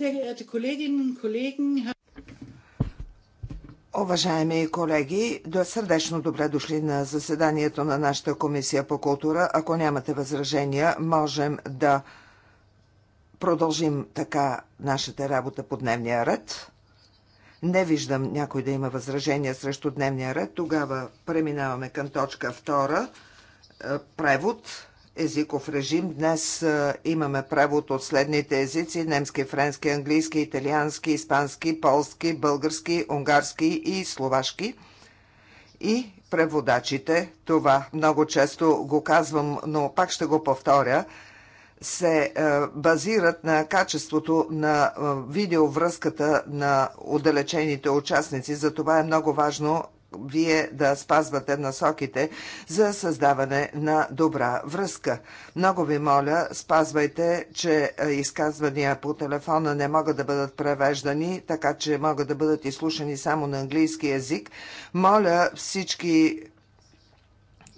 Sehr geehrte Kolleginnen und Kollegen, Уважаеми колеги, до сърдечно добре дошли на заседанието на нашата комисия по култура. Ако нямате възражения, можем да продължим така нашата работа по дневния ред. Не виждам някой да има възражения срещу дневния ред. Тогава преминаваме към точка втора. Е, превод езиков режим. Днес имаме превод от следните езици – немски, френски, английски, италиански, испански, полски, български, унгарски и словашки. И преводачите, това много често го казвам, но пак ще го повторя – се базират на качеството на видеовръзката на отдалечените участници. Затова е много важно вие да спазвате насоките за създаване на добра връзка. Много ви моля, спазвайте, че е, изказвания по телефона не могат да бъдат превеждани, така че могат да бъдат изслушани само на английски язик. Моля всички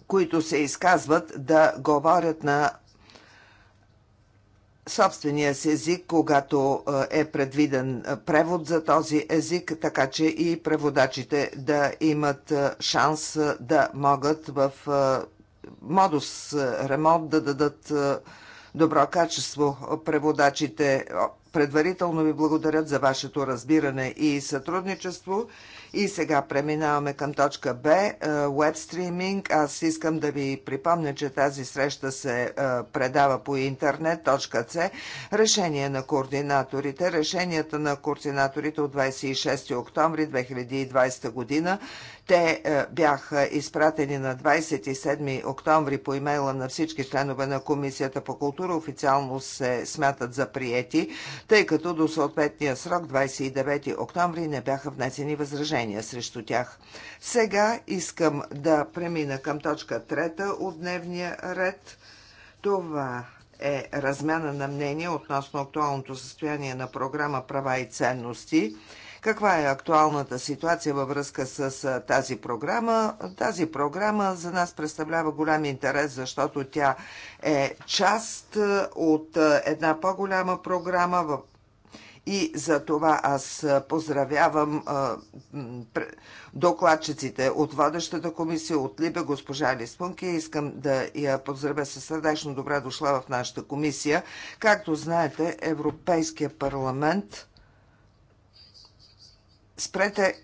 които се изказват, да говорят на собствения си език, когато е предвиден превод за този език, така че и преводачите да имат шанс да могат в модус ремонт да дадат добро качество. Преводачите предварително ви благодарят за вашето разбиране и сътрудничество. И сега преминаваме към точка Б веб стриминг. Аз искам да ви припомня, че тази среща се е, предава по интернет. Точка С. Решение на координаторите. Решенията на координаторите от 26 октомври 2020 година те е, бяха изпратени на 27 октомври по имейла на всички членове на Комисията по култура. Официално се смятат за приети, тъй като до съответния срок 29 октомври не бяха внесени възражения срещу тях. Сега искам да премина към точка трета от дневния ред. Това е размяна на мнение относно актуалното състояние на програма Права и ценности каква е актуалната ситуация във връзка с тази програма? Тази програма за нас представлява голям интерес, защото тя е част от една по-голяма програма в и за това аз поздравявам докладчиците от водещата комисия, от Либе, госпожа Лиспунки. Искам да я поздравя със сърдечно добра, дошла в нашата комисия. Както знаете, Европейския парламент спрете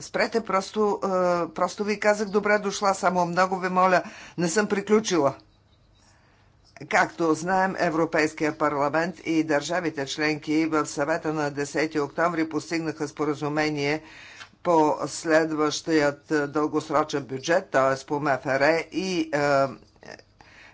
Спрете, просто, е, просто ви казах добре дошла, само много ви моля, не съм приключила. Както знаем, Европейския парламент и държавите членки в съвета на 10 октомври постигнаха споразумение по следващият е, дългосрочен бюджет, т.е. по МФР и е,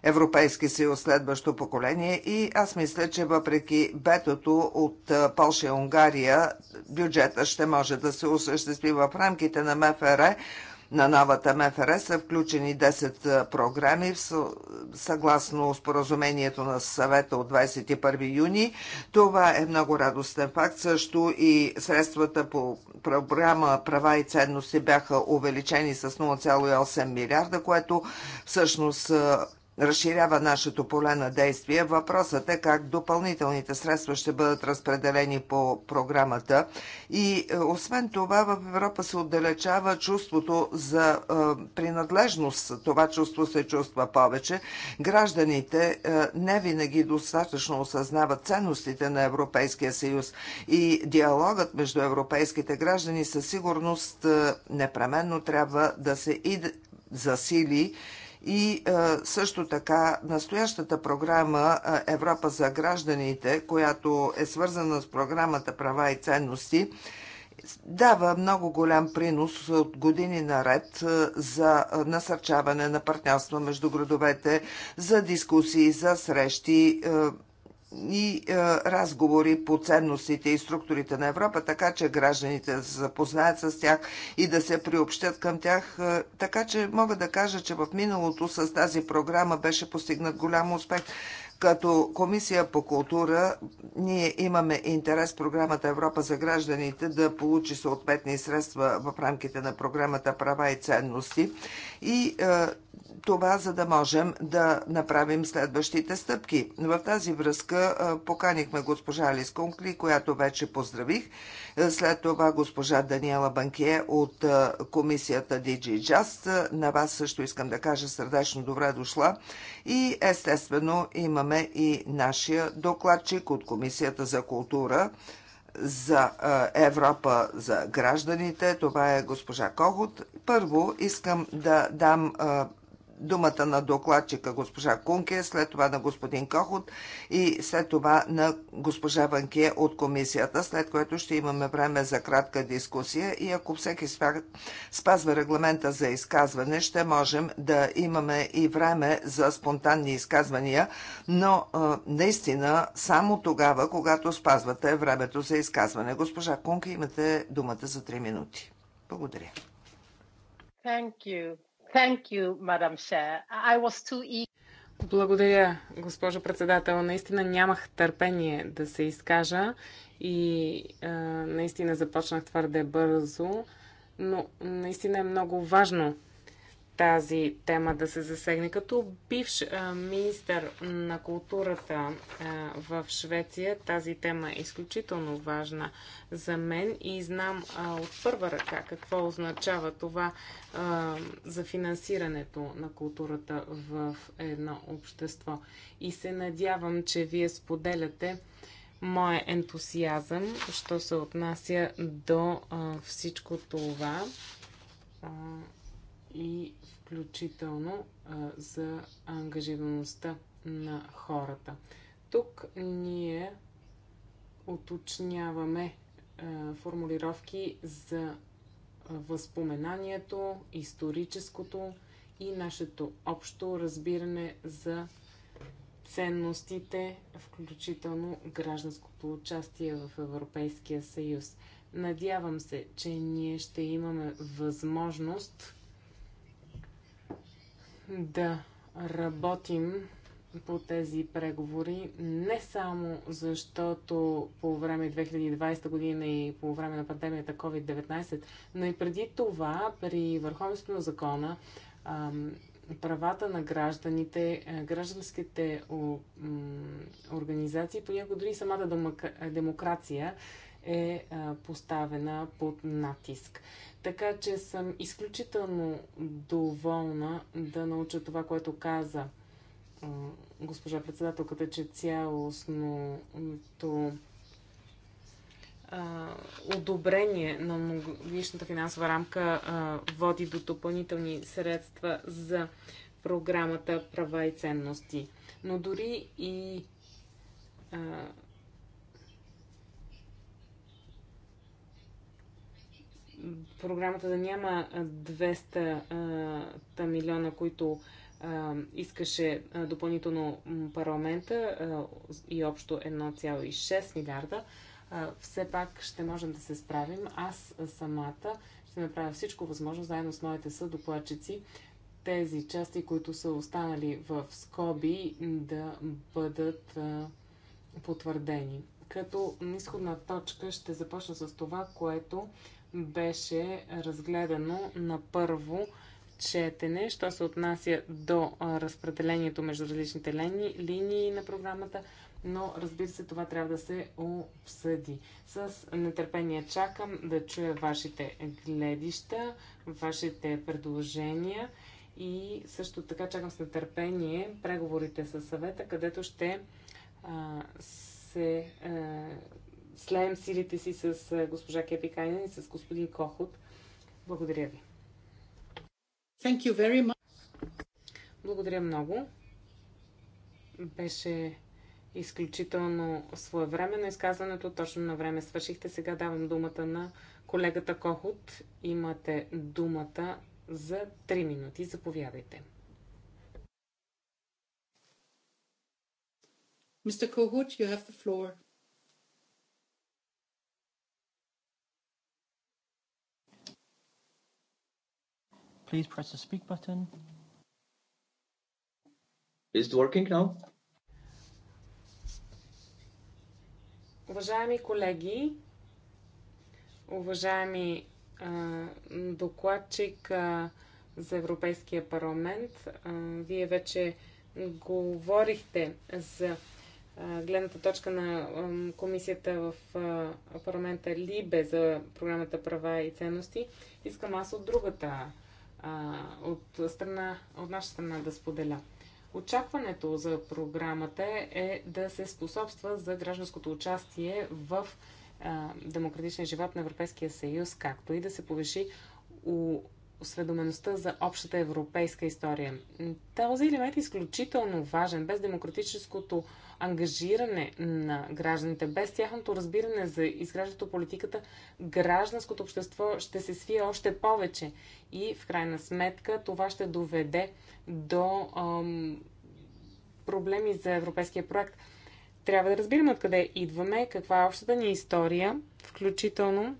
Европейски съюз следващо поколение и аз мисля, че въпреки бетото от Полша и Унгария, бюджета ще може да се осъществи в рамките на МФР. На новата МФР са включени 10 програми съгласно споразумението на съвета от 21 юни. Това е много радостен факт. Също и средствата по програма Права и ценности бяха увеличени с 0,8 милиарда, което всъщност разширява нашето поле на действие. Въпросът е как допълнителните средства ще бъдат разпределени по програмата. И е, освен това в Европа се отдалечава чувството за е, принадлежност. Това чувство се чувства повече. Гражданите е, не винаги достатъчно осъзнават ценностите на Европейския съюз и диалогът между европейските граждани със сигурност непременно трябва да се и засили и е, също така настоящата програма е, Европа за гражданите, която е свързана с програмата Права и ценности, дава много голям принос от години наред е, за насърчаване на партньорство между градовете, за дискусии, за срещи и е, разговори по ценностите и структурите на Европа, така че гражданите да се запознаят с тях и да се приобщят към тях. Е, така че мога да кажа, че в миналото с тази програма беше постигнат голям успех. Като Комисия по култура ние имаме интерес програмата Европа за гражданите да получи съответни средства в рамките на програмата Права и ценности и е, това, за да можем да направим следващите стъпки. В тази връзка поканихме госпожа Алис Кункли, която вече поздравих. След това госпожа Даниела Банкие от комисията DG Just. На вас също искам да кажа сърдечно добре дошла. И естествено имаме и нашия докладчик от Комисията за култура за Европа за гражданите. Това е госпожа Когот. Първо искам да дам думата на докладчика госпожа Кунке, след това на господин Кохот и след това на госпожа Ванке от комисията, след което ще имаме време за кратка дискусия и ако всеки спазва регламента за изказване, ще можем да имаме и време за спонтанни изказвания, но наистина само тогава, когато спазвате времето за изказване. Госпожа Кунке, имате думата за 3 минути. Благодаря. Thank you. Thank you, Madam Chair. I was too eager. Благодаря, госпожо председател. Наистина нямах търпение да се изкажа и наистина започнах твърде бързо, но наистина е много важно тази тема да се засегне. Като бивш министър на културата в Швеция, тази тема е изключително важна за мен и знам от първа ръка какво означава това за финансирането на културата в едно общество. И се надявам, че вие споделяте моя ентусиазъм, що се отнася до всичко това и включително за ангажираността на хората. Тук ние уточняваме формулировки за възпоменанието, историческото и нашето общо разбиране за ценностите, включително гражданското участие в Европейския съюз. Надявам се, че ние ще имаме възможност да работим по тези преговори, не само защото по време 2020 година и по време на пандемията COVID-19, но и преди това при върховенството на закона, правата на гражданите, е, гражданските организации, понякога дори самата демокрация е поставена под натиск. Така че съм изключително доволна да науча това, което каза госпожа председателката, че цялостното одобрение на многогодишната финансова рамка води до допълнителни средства за програмата права и ценности. Но дори и а, програмата да няма 200 милиона, които искаше допълнително парламента и общо 1,6 милиарда, все пак ще можем да се справим. Аз самата ще направя всичко възможно, заедно с моите съдокладчици, тези части, които са останали в скоби, да бъдат потвърдени. Като изходна точка ще започна с това, което беше разгледано на първо четене, що се отнася до разпределението между различните линии, линии на програмата, но разбира се, това трябва да се обсъди. С нетърпение чакам да чуя вашите гледища, вашите предложения и също така чакам с нетърпение преговорите с съвета, където ще а, се а, слеем силите си с госпожа Кепи Кайнен и с господин Кохот. Благодаря ви. Thank you very much. Благодаря много. Беше изключително своевременно изказването. Точно на време свършихте. Сега давам думата на колегата Кохот. Имате думата за 3 минути. Заповядайте. Mr. Kohut, you have the floor. Please press the speak button. Is it working now? Уважаеми колеги, уважаеми а, докладчик а, за Европейския парламент, а, вие вече говорихте за гледната точка на комисията в парламента Либе за програмата права и ценности. Искам аз от другата а, от, страна, от наша страна да споделя. Очакването за програмата е да се способства за гражданското участие в а, демократичния живот на Европейския съюз, както и да се повиши у, осведомеността за общата европейска история. Този елемент е изключително важен. Без демократическото ангажиране на гражданите, без тяхното разбиране за изграждането политиката, гражданското общество ще се свие още повече. И в крайна сметка това ще доведе до ам, проблеми за европейския проект. Трябва да разбираме откъде идваме, каква е общата ни история, включително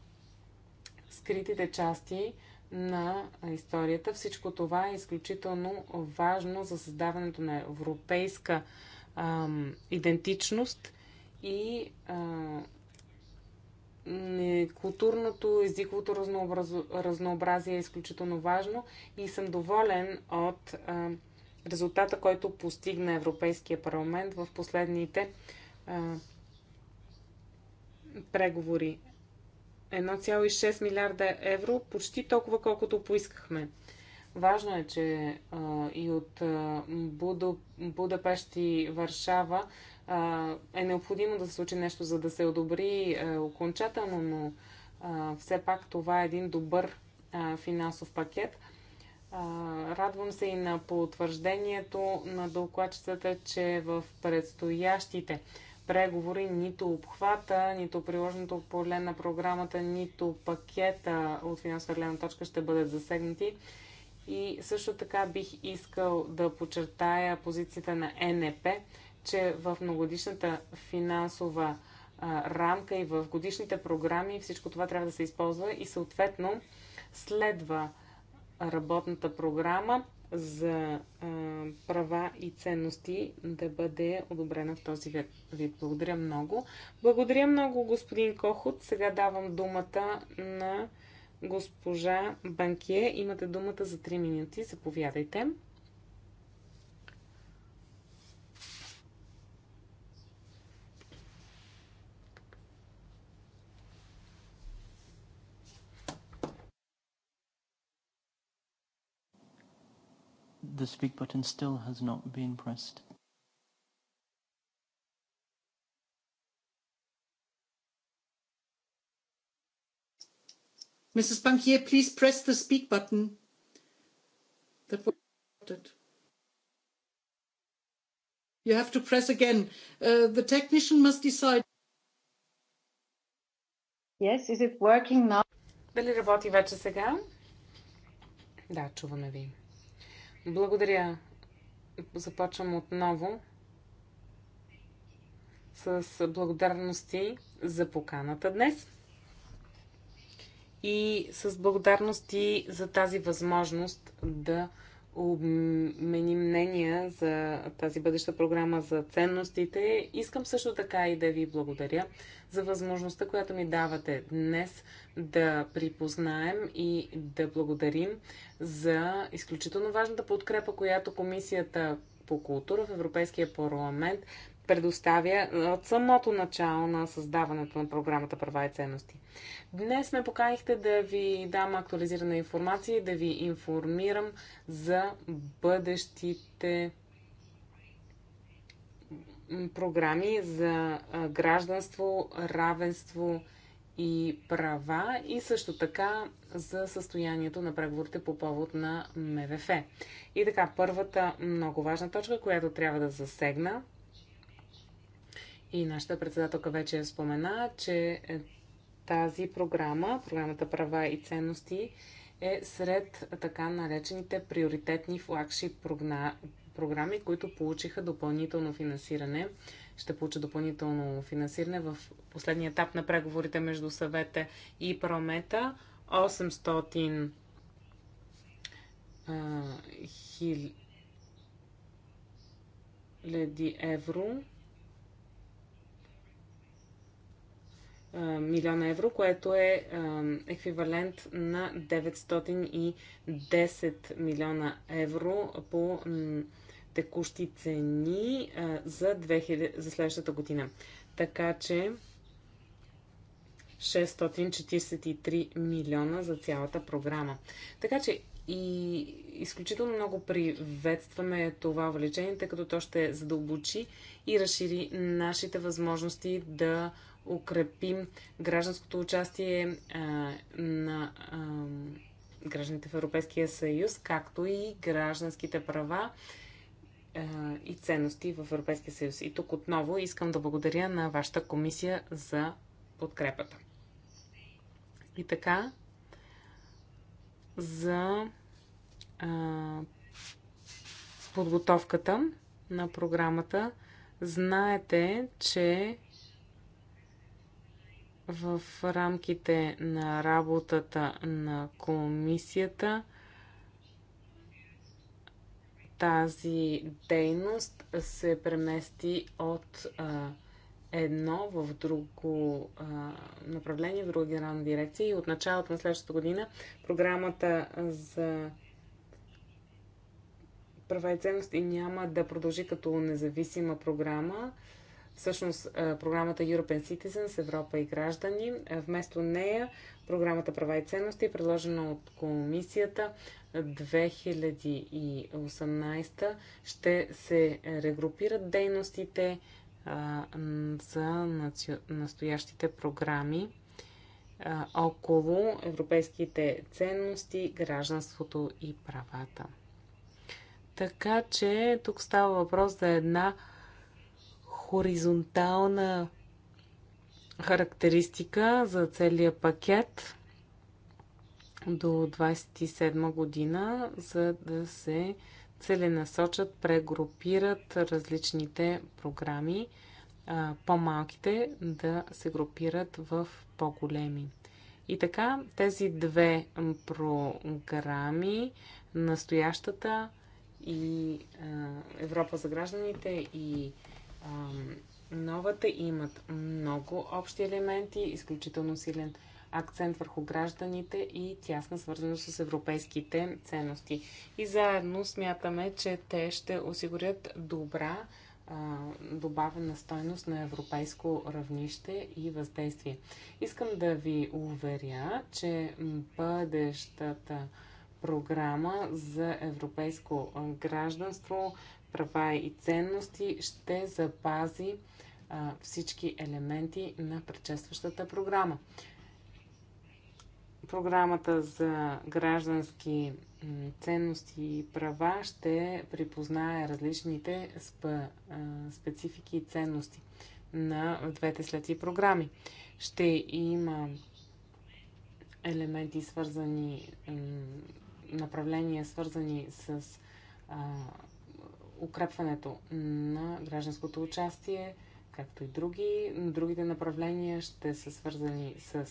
скритите части, на историята. Всичко това е изключително важно за създаването на европейска ам, идентичност и ам, културното, езиковото разнообраз... разнообразие е изключително важно и съм доволен от а, резултата, който постигна Европейския парламент в последните а, преговори. 1,6 милиарда евро, почти толкова колкото поискахме. Важно е, че а, и от а, Будо, Будапешт и Варшава а, е необходимо да се случи нещо, за да се одобри а, окончателно, но а, все пак това е един добър а, финансов пакет. А, радвам се и на потвърждението на докладчицата, че в предстоящите преговори нито обхвата, нито приложеното поле на програмата, нито пакета от финансова гледна точка ще бъдат засегнати. И също така бих искал да подчертая позицията на НП, че в многодишната финансова а, рамка и в годишните програми всичко това трябва да се използва и съответно следва работната програма за а, права и ценности да бъде одобрена в този вид. Благодаря много. Благодаря много, господин Кохот. Сега давам думата на госпожа Банкие. Имате думата за 3 минути. Заповядайте. The speak button still has not been pressed. Mrs. Bankier, please press the speak button. That was it. You have to press again. Uh, the technician must decide. Yes, is it working now? Дали работи вече сега? Да, чуваме ви. Благодаря. Започвам отново с благодарности за поканата днес и с благодарности за тази възможност да обмени мнения за тази бъдеща програма за ценностите. Искам също така и да ви благодаря за възможността, която ми давате днес да припознаем и да благодарим за изключително важната подкрепа, която Комисията по култура в Европейския парламент предоставя от самото начало на създаването на програмата Права и ценности. Днес ме поканихте да ви дам актуализирана информация и да ви информирам за бъдещите програми за гражданство, равенство и права и също така за състоянието на преговорите по повод на МВФ. И така, първата много важна точка, която трябва да засегна и нашата председателка вече спомена, че тази програма, програмата Права и ценности, е сред така наречените приоритетни флагшип програми, които получиха допълнително финансиране. Ще получат допълнително финансиране в последния етап на преговорите между съвета и парламента. 800 хиляди евро милиона евро, което е еквивалент на 910 милиона евро по текущи цени за, 2000, за следващата година. Така че 643 милиона за цялата програма. Така че и изключително много приветстваме това увеличение, тъй като то ще задълбочи и разшири нашите възможности да укрепим гражданското участие а, на а, гражданите в Европейския съюз, както и гражданските права а, и ценности в Европейския съюз. И тук отново искам да благодаря на вашата комисия за подкрепата. И така, за а, подготовката на програмата, знаете, че в рамките на работата на комисията тази дейност се премести от а, едно в друго а, направление, в друга генерална дирекция и от началото на следващата година програмата за права и ценности няма да продължи като независима програма, Всъщност, програмата European Citizens, Европа и граждани, вместо нея програмата Права и ценности, е предложена от комисията 2018, ще се регрупират дейностите за настоящите програми около европейските ценности, гражданството и правата. Така че тук става въпрос за една хоризонтална характеристика за целия пакет до 27 година, за да се целенасочат, прегрупират различните програми, по-малките да се групират в по-големи. И така, тези две програми, настоящата и Европа за гражданите и новата имат много общи елементи, изключително силен акцент върху гражданите и тясна свързаност с европейските ценности. И заедно смятаме, че те ще осигурят добра добавена стойност на европейско равнище и въздействие. Искам да ви уверя, че бъдещата програма за европейско гражданство права и ценности ще запази а, всички елементи на предшестващата програма. Програмата за граждански ценности и права ще припознае различните специфики и ценности на двете след и програми. Ще има елементи свързани, направления свързани с а, укрепването на гражданското участие, както и други. Другите направления ще са свързани с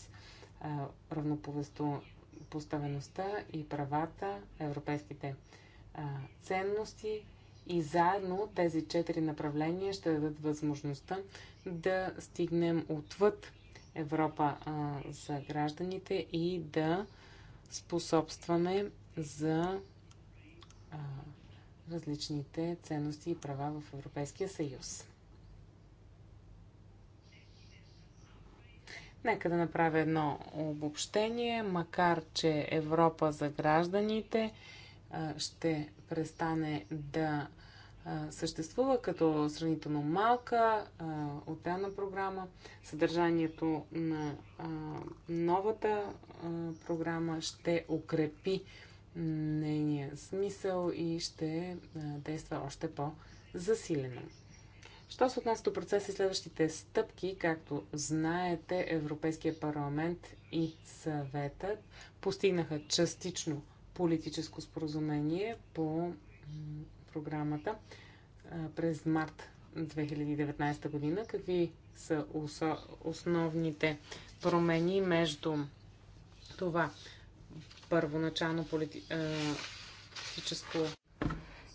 равноповестопоставеността и правата, европейските а, ценности и заедно тези четири направления ще дадат възможността да стигнем отвъд Европа а, за гражданите и да способстваме за а, различните ценности и права в Европейския съюз. Нека да направя едно обобщение, макар че Европа за гражданите ще престане да съществува като сравнително малка отделна програма. Съдържанието на новата програма ще укрепи нейния смисъл и ще действа още по-засилено. Що се отнася до процеса и следващите стъпки, както знаете, Европейския парламент и съветът постигнаха частично политическо споразумение по програмата през март 2019 година. Какви са основните промени между това първоначално политическо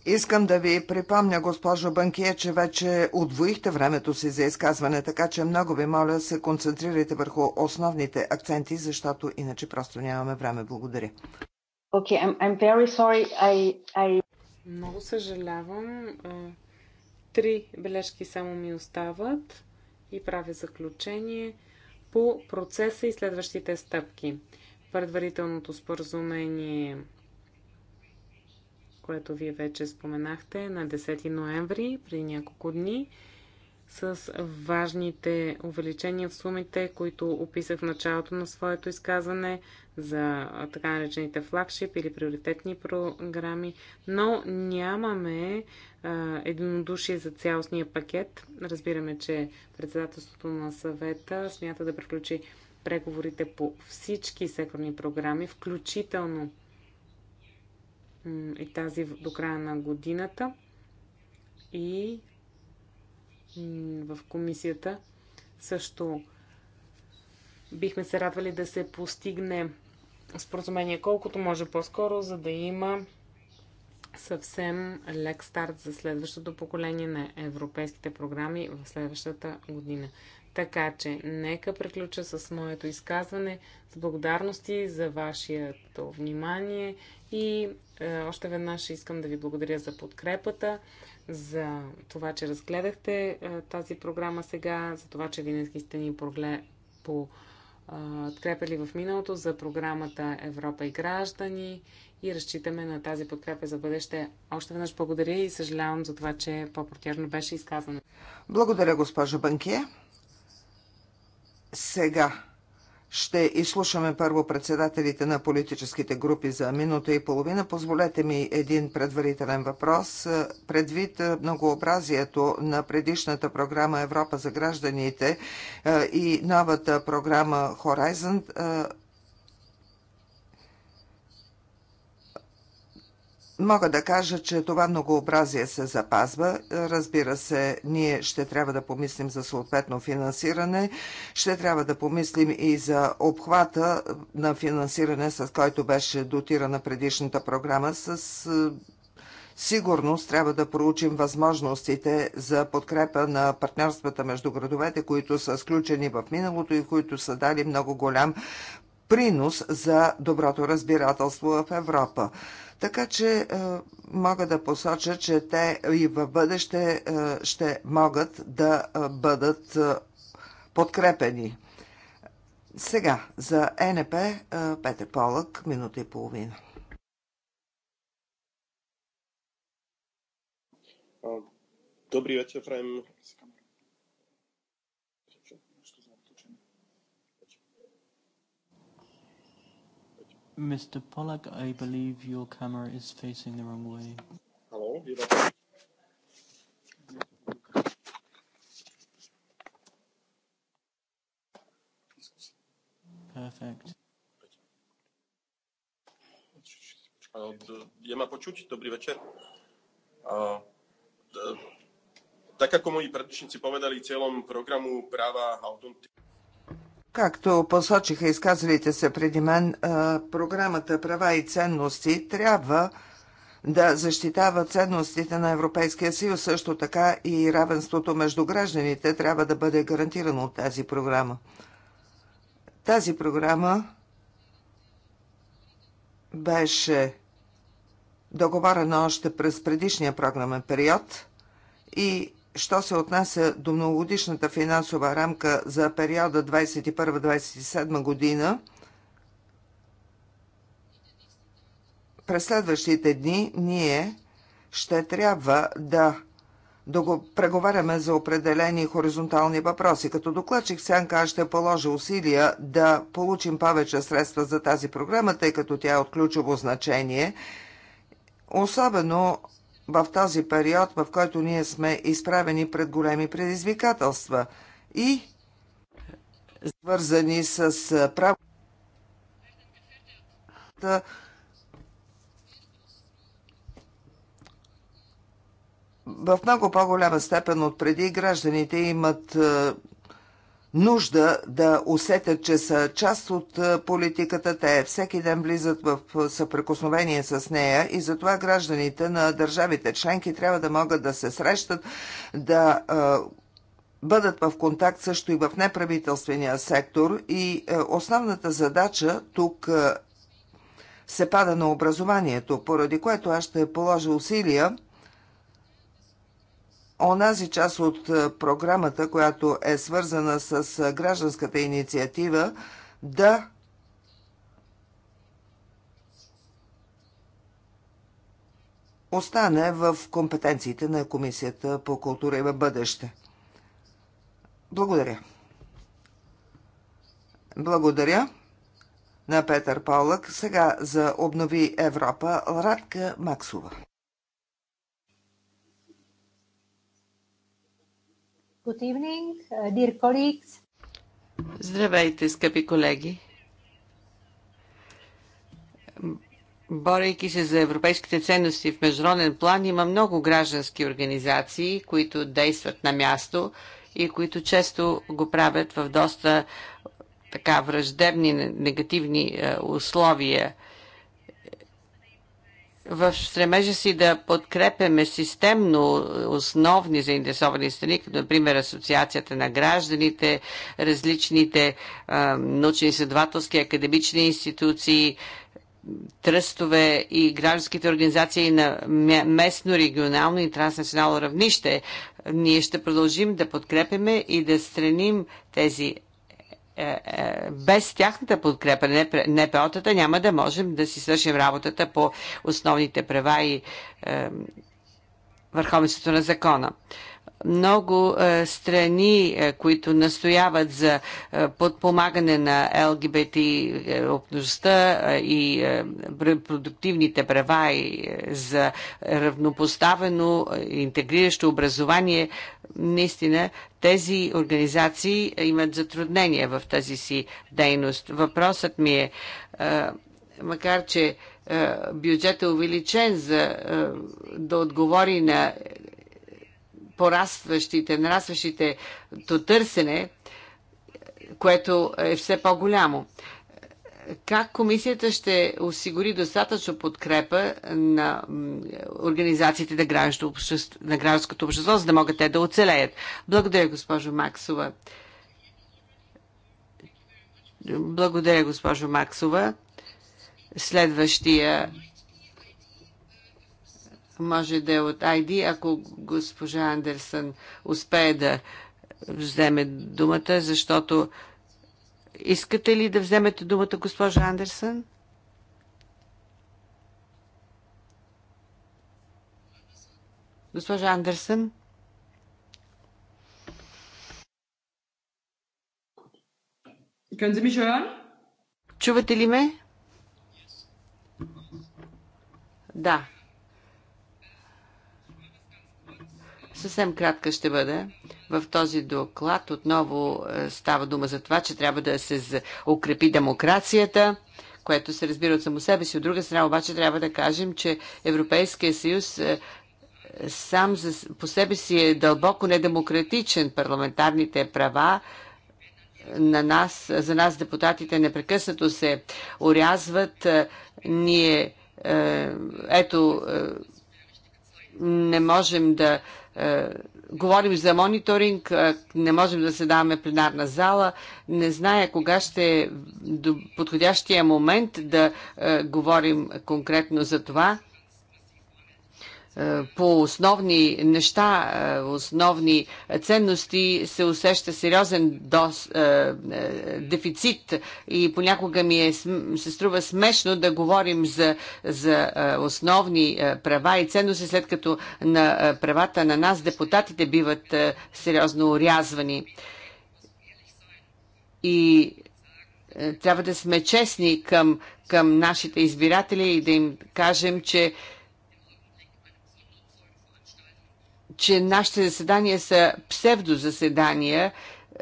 Искам да ви припомня, госпожо Банкие, че вече отвоихте времето си за изказване, така че много ви моля се концентрирайте върху основните акценти, защото иначе просто нямаме време. Благодаря. Okay, I'm, I'm very sorry. I, I... Много съжалявам. Три бележки само ми остават и правя заключение по процеса и следващите стъпки предварителното споразумение, което вие вече споменахте, на 10 ноември, при няколко дни, с важните увеличения в сумите, които описах в началото на своето изказване за така наречените флагшип или приоритетни програми, но нямаме а, единодушие за цялостния пакет. Разбираме, че председателството на съвета смята да приключи преговорите по всички секторни програми, включително и тази до края на годината. И в комисията също бихме се радвали да се постигне споразумение колкото може по-скоро, за да има съвсем лек старт за следващото поколение на европейските програми в следващата година. Така че, нека приключа с моето изказване с благодарности за вашето внимание и е, още веднъж искам да ви благодаря за подкрепата, за това, че разгледахте е, тази програма сега, за това, че винаги сте ни прогле... по е, подкрепили в миналото за програмата Европа и граждани и разчитаме на тази подкрепа за бъдеще. Още веднъж благодаря и съжалявам за това, че по-протяжно беше изказано. Благодаря, госпожо Банкия. Сега ще изслушаме първо председателите на политическите групи за минута и половина. Позволете ми един предварителен въпрос. Предвид многообразието на предишната програма Европа за гражданите е, и новата програма Horizon, е, Мога да кажа, че това многообразие се запазва. Разбира се, ние ще трябва да помислим за съответно финансиране. Ще трябва да помислим и за обхвата на финансиране, с който беше дотирана предишната програма с е, Сигурност трябва да проучим възможностите за подкрепа на партньорствата между градовете, които са сключени в миналото и които са дали много голям принос за доброто разбирателство в Европа. Така че е, мога да посоча, че те и в бъдеще е, ще могат да е, бъдат подкрепени. Сега за НП Петър Полък, минута и половина. Добри вечер, Фрайм. Mr. Pollack, I believe your camera is facing the wrong way. Hallo, wieder. Perfect. Je ma počuť? Dobrý večer. Tak ako moji predrečníci povedali, cieľom programu práva autentik Както посочиха изказалите се преди мен, програмата Права и ценности трябва да защитава ценностите на Европейския съюз, също така и равенството между гражданите трябва да бъде гарантирано от тази програма. Тази програма беше договорена още през предишния програмен период и що се отнася до многогодишната финансова рамка за периода 2021-2027 година, през следващите дни ние ще трябва да да го преговаряме за определени хоризонтални въпроси. Като докладчик Сянка аз ще положи усилия да получим повече средства за тази програма, тъй като тя е от ключово значение, особено в този период, в който ние сме изправени пред големи предизвикателства и свързани с правата в много по-голяма степен от преди гражданите имат нужда да усетят, че са част от политиката. Те всеки ден влизат в съприкосновение с нея и затова гражданите на държавите членки трябва да могат да се срещат, да бъдат в контакт също и в неправителствения сектор. И основната задача тук се пада на образованието, поради което аз ще положа усилия онази част от е, програмата, която е свързана с е, гражданската инициатива, да остане в компетенциите на Комисията по култура и бъдеще. Благодаря. Благодаря на Петър Паулък. Сега за Обнови Европа Радка Максова. Good evening, uh, dear colleagues. Здравейте, скъпи колеги! Борейки се за европейските ценности в международен план, има много граждански организации, които действат на място и които често го правят в доста така враждебни, негативни е, условия – в стремежа си да подкрепяме системно основни заинтересовани страни, като например Асоциацията на гражданите, различните научни изследователски академични институции, тръстове и гражданските организации на местно, регионално и транснационално равнище, ние ще продължим да подкрепяме и да страним тези е, е, без тяхната подкрепа на НПО-тата няма да можем да си свършим работата по основните права и е, върховенството на закона много е, страни, е, които настояват за е, подпомагане на ЛГБТ общността и продуктивните права и за равнопоставено интегриращо образование, наистина тези организации имат затруднения в тази си дейност. Въпросът ми е, макар че бюджет е увеличен за да отговори на порастващите, нарастващите то търсене, което е все по-голямо. Как комисията ще осигури достатъчно подкрепа на организациите на гражданското общество, на гражданското общество за да могат те да оцелеят? Благодаря, госпожо Максова. Благодаря, госпожо Максова. Следващия може да е от ID, ако госпожа Андерсън успее да вземе думата, защото искате ли да вземете думата, госпожа Андерсън? Госпожа Андерсън? Чувате ли ме? Да. Съвсем кратка ще бъде. В този доклад отново е, става дума за това, че трябва да се укрепи демокрацията, което се разбира от само себе си. От друга страна обаче трябва да кажем, че Европейския съюз е, сам за, по себе си е дълбоко недемократичен. Парламентарните права е, на нас, за нас депутатите непрекъснато се урязват. Ние, ето, не можем да е, говорим за мониторинг, не можем да се даваме пленарна зала, не зная кога ще е подходящия момент да е, говорим конкретно за това. Е, по основни неща, е, основни ценности се усеща сериозен дос, е, е дефицит и понякога ми е, се струва смешно да говорим за, за основни права и ценности, след като на правата на нас депутатите биват сериозно урязвани. И трябва да сме честни към, към нашите избиратели и да им кажем, че че нашите заседания са псевдозаседания,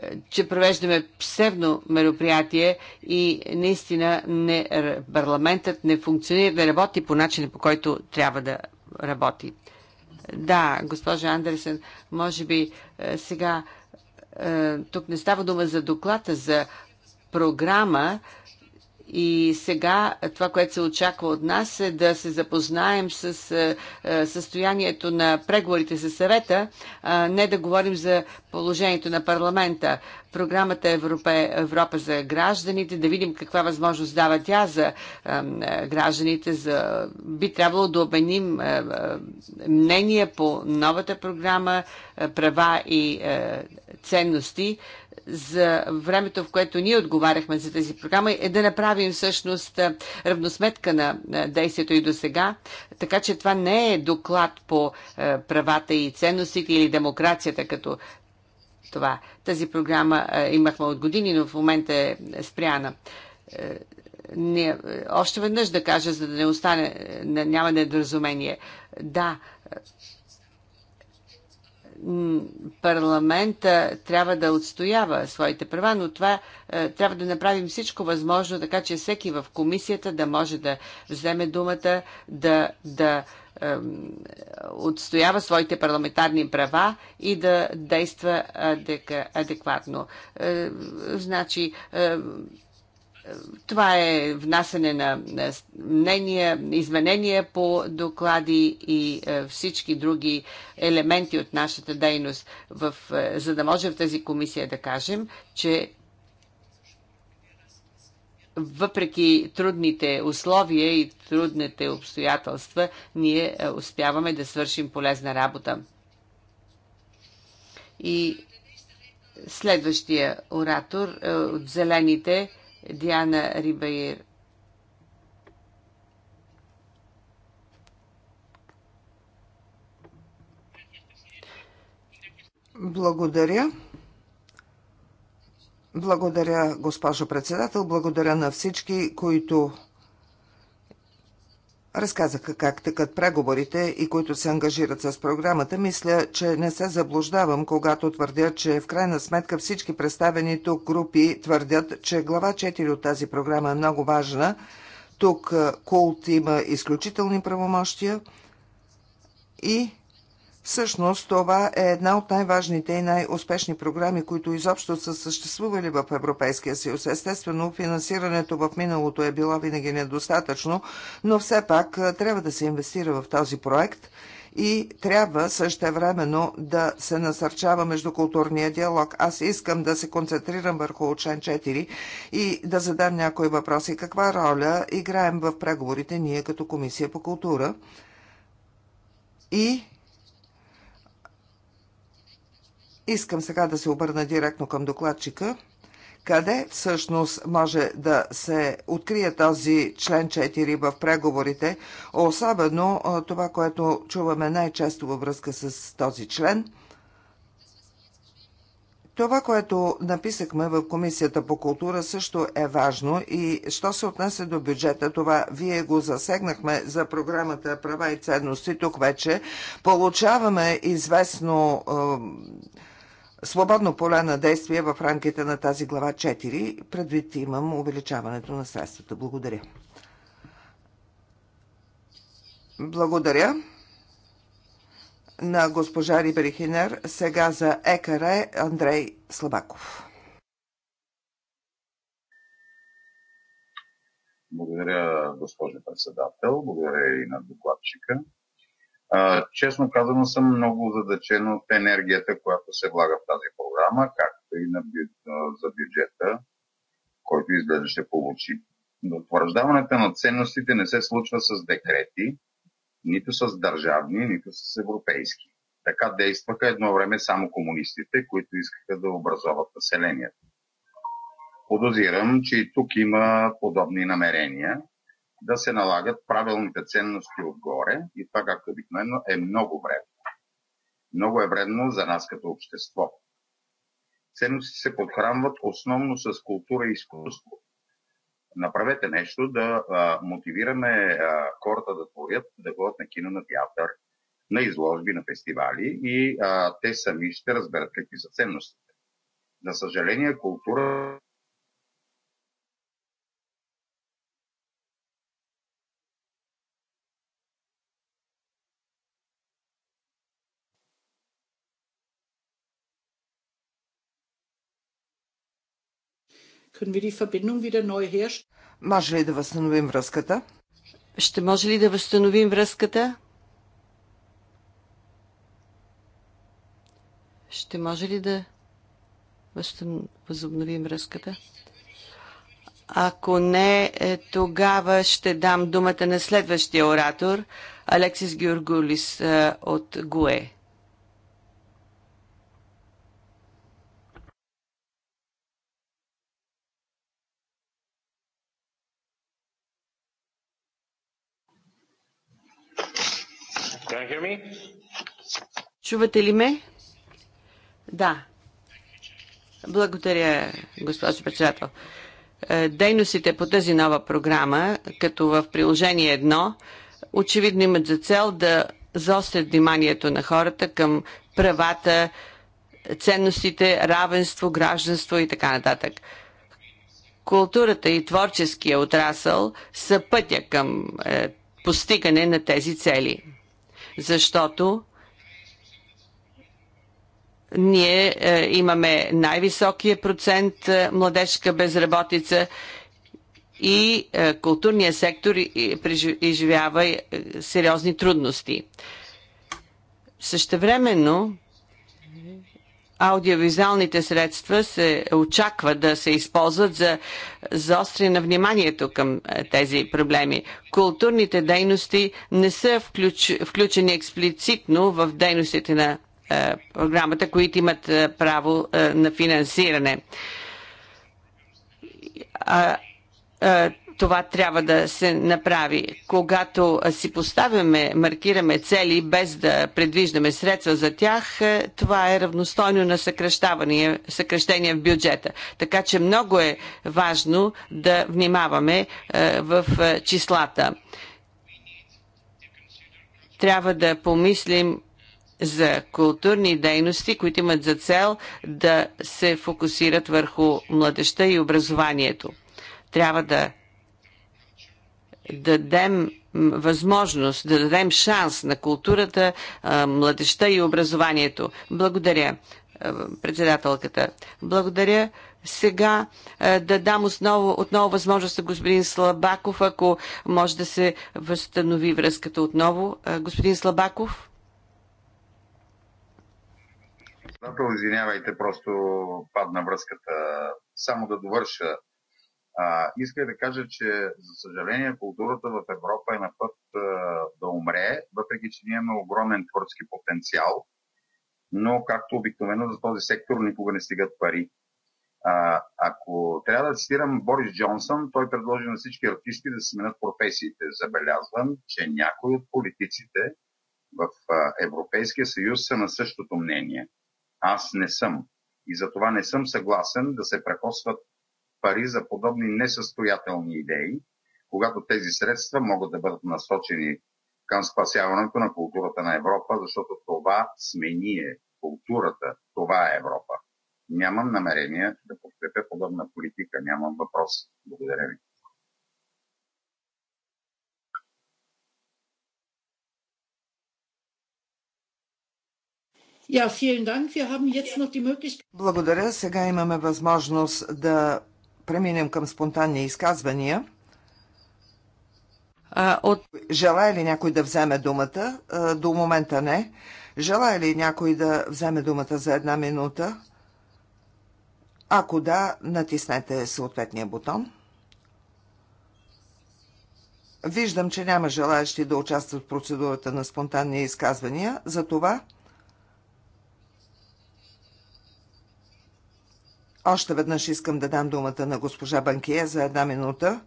е, че провеждаме псевдо мероприятие и наистина не, парламентът не функционира, не работи по начина, по който трябва да работи. Да, госпожа Андерсен, може би е, сега е, тук не става дума за доклада, за програма, и сега това, което се очаква от нас е да се запознаем с е, е, състоянието на преговорите с съвета, не да говорим за положението на парламента. Програмата Европа, Европа за гражданите, да видим каква възможност дава тя за е, гражданите. За... Би трябвало да обменим мнение по новата програма, права и ценности, за времето, в което ние отговаряхме за тази програма, е да направим всъщност равносметка на действието и до сега, така че това не е доклад по правата и ценностите или демокрацията като това. Тази програма имахме от години, но в момента е спряна е, не, още веднъж да кажа, за да не остане, е, няма недоразумение. Да, парламента трябва да отстоява своите права, но това е, трябва да направим всичко възможно, така че всеки в комисията да може да вземе думата, да, да отстоява своите парламентарни права и да действа адек, адекватно. Е, значи, това е внасене на мнения, изменения по доклади и е, всички други елементи от нашата дейност, в, е, за да може в тази комисия да кажем, че въпреки трудните условия и трудните обстоятелства, ние е, успяваме да свършим полезна работа. И следващия оратор от Зелените – Диана Рибаир. Благодаря. Благодаря, госпожо председател. Благодаря на всички, които разказаха как тъкат преговорите и които се ангажират с програмата, мисля, че не се заблуждавам, когато твърдя, че в крайна сметка всички представени тук групи твърдят, че глава 4 от тази програма е много важна. Тук е, Култ има изключителни правомощия и Всъщност това е една от най-важните и най-успешни програми, които изобщо са съществували в Европейския съюз. Естествено, финансирането в миналото е било винаги недостатъчно, но все пак трябва да се инвестира в този проект и трябва същевременно да се насърчава междукултурния диалог. Аз искам да се концентрирам върху член 4 и да задам някои въпроси. Каква роля играем в преговорите ние като Комисия по култура? И Искам сега да се обърна директно към докладчика. Къде всъщност може да се открие този член 4 в преговорите, особено това, което чуваме най-често във връзка с този член? Това, което написахме в Комисията по култура също е важно и що се отнесе до бюджета, това вие го засегнахме за програмата Права и ценности. Тук вече получаваме известно свободно поле на действие в рамките на тази глава 4, предвид имам увеличаването на средствата. Благодаря. Благодаря на госпожа Риберихинер. Сега за ЕКР Андрей Слабаков. Благодаря, госпожо председател. Благодаря и на докладчика. А, честно казано съм много задачен от енергията, която се влага в тази програма, както и на бю... за бюджета, който изглежда ще получи. Утвърждаването на ценностите не се случва с декрети, нито с държавни, нито с европейски. Така действаха едно време само комунистите, които искаха да образоват населението. Подозирам, че и тук има подобни намерения, да се налагат правилните ценности отгоре и това, както обикновено, е много вредно. Много е вредно за нас като общество. Ценности се подхранват основно с култура и изкуство. Направете нещо да а, мотивираме а, хората да творят, да ходят на кино, на театър, на изложби, на фестивали и а, те сами ще разберат какви са ценностите. За съжаление, култура Може ли да възстановим връзката? Ще може ли да възстановим връзката? Ще може ли да възобновим връзката? Ако не, е, тогава ще дам думата на следващия оратор, Алексис Георгулис е, от ГУЕ. Чувате ли ме? Да. Благодаря, госпожо председател. Е, дейностите по тази нова програма, като в приложение 1, очевидно имат за цел да заострят вниманието на хората към правата, ценностите, равенство, гражданство и така нататък. Културата и творческия отрасъл са пътя към е, постигане на тези цели, защото ние е, имаме най-високия процент е, младежка безработица и е, културният сектор изживява е, сериозни трудности. Същевременно, аудиовизуалните средства се очаква да се използват за заостряне на вниманието към е, тези проблеми. Културните дейности не са включ, включени експлицитно в дейностите на е, програмата, които имат е, право е, на финансиране. А, а, това трябва да се направи. Когато си поставяме, маркираме цели без да предвиждаме средства за тях, това е равностойно на съкръщение в бюджета. Така че много е важно да внимаваме в числата. Трябва да помислим за културни дейности, които имат за цел да се фокусират върху младеща и образованието. Трябва да дадем възможност, да дадем шанс на културата, младеща и образованието. Благодаря, председателката. Благодаря. Сега да дам осново, отново възможност на господин Слабаков, ако може да се възстанови връзката отново. Господин Слабаков. председател. Извинявайте, просто падна връзката. Само да довърша. А, иска да кажа, че за съжаление културата в Европа е на път а, да умре, въпреки че ние имаме огромен творчески потенциал, но както обикновено за този сектор никога не стигат пари. А, ако трябва да цитирам Борис Джонсън, той предложи на всички артисти да сменят професиите. Забелязвам, че някои от политиците в Европейския съюз са на същото мнение. Аз не съм. И затова не съм съгласен да се прекосват пари за подобни несъстоятелни идеи, когато тези средства могат да бъдат насочени към спасяването на културата на Европа, защото това сме ние. Културата, това е Европа. Нямам намерение да подкрепя подобна политика, нямам въпрос. Благодаря ви. Благодаря. Сега имаме възможност да преминем към спонтанни изказвания. От... Желая ли някой да вземе думата? До момента не. Желая ли някой да вземе думата за една минута? Ако да, натиснете съответния бутон. Виждам, че няма желаящи да участват в процедурата на спонтанни изказвания. За това Още веднъж искам да дам думата на госпожа Банкия за една минута,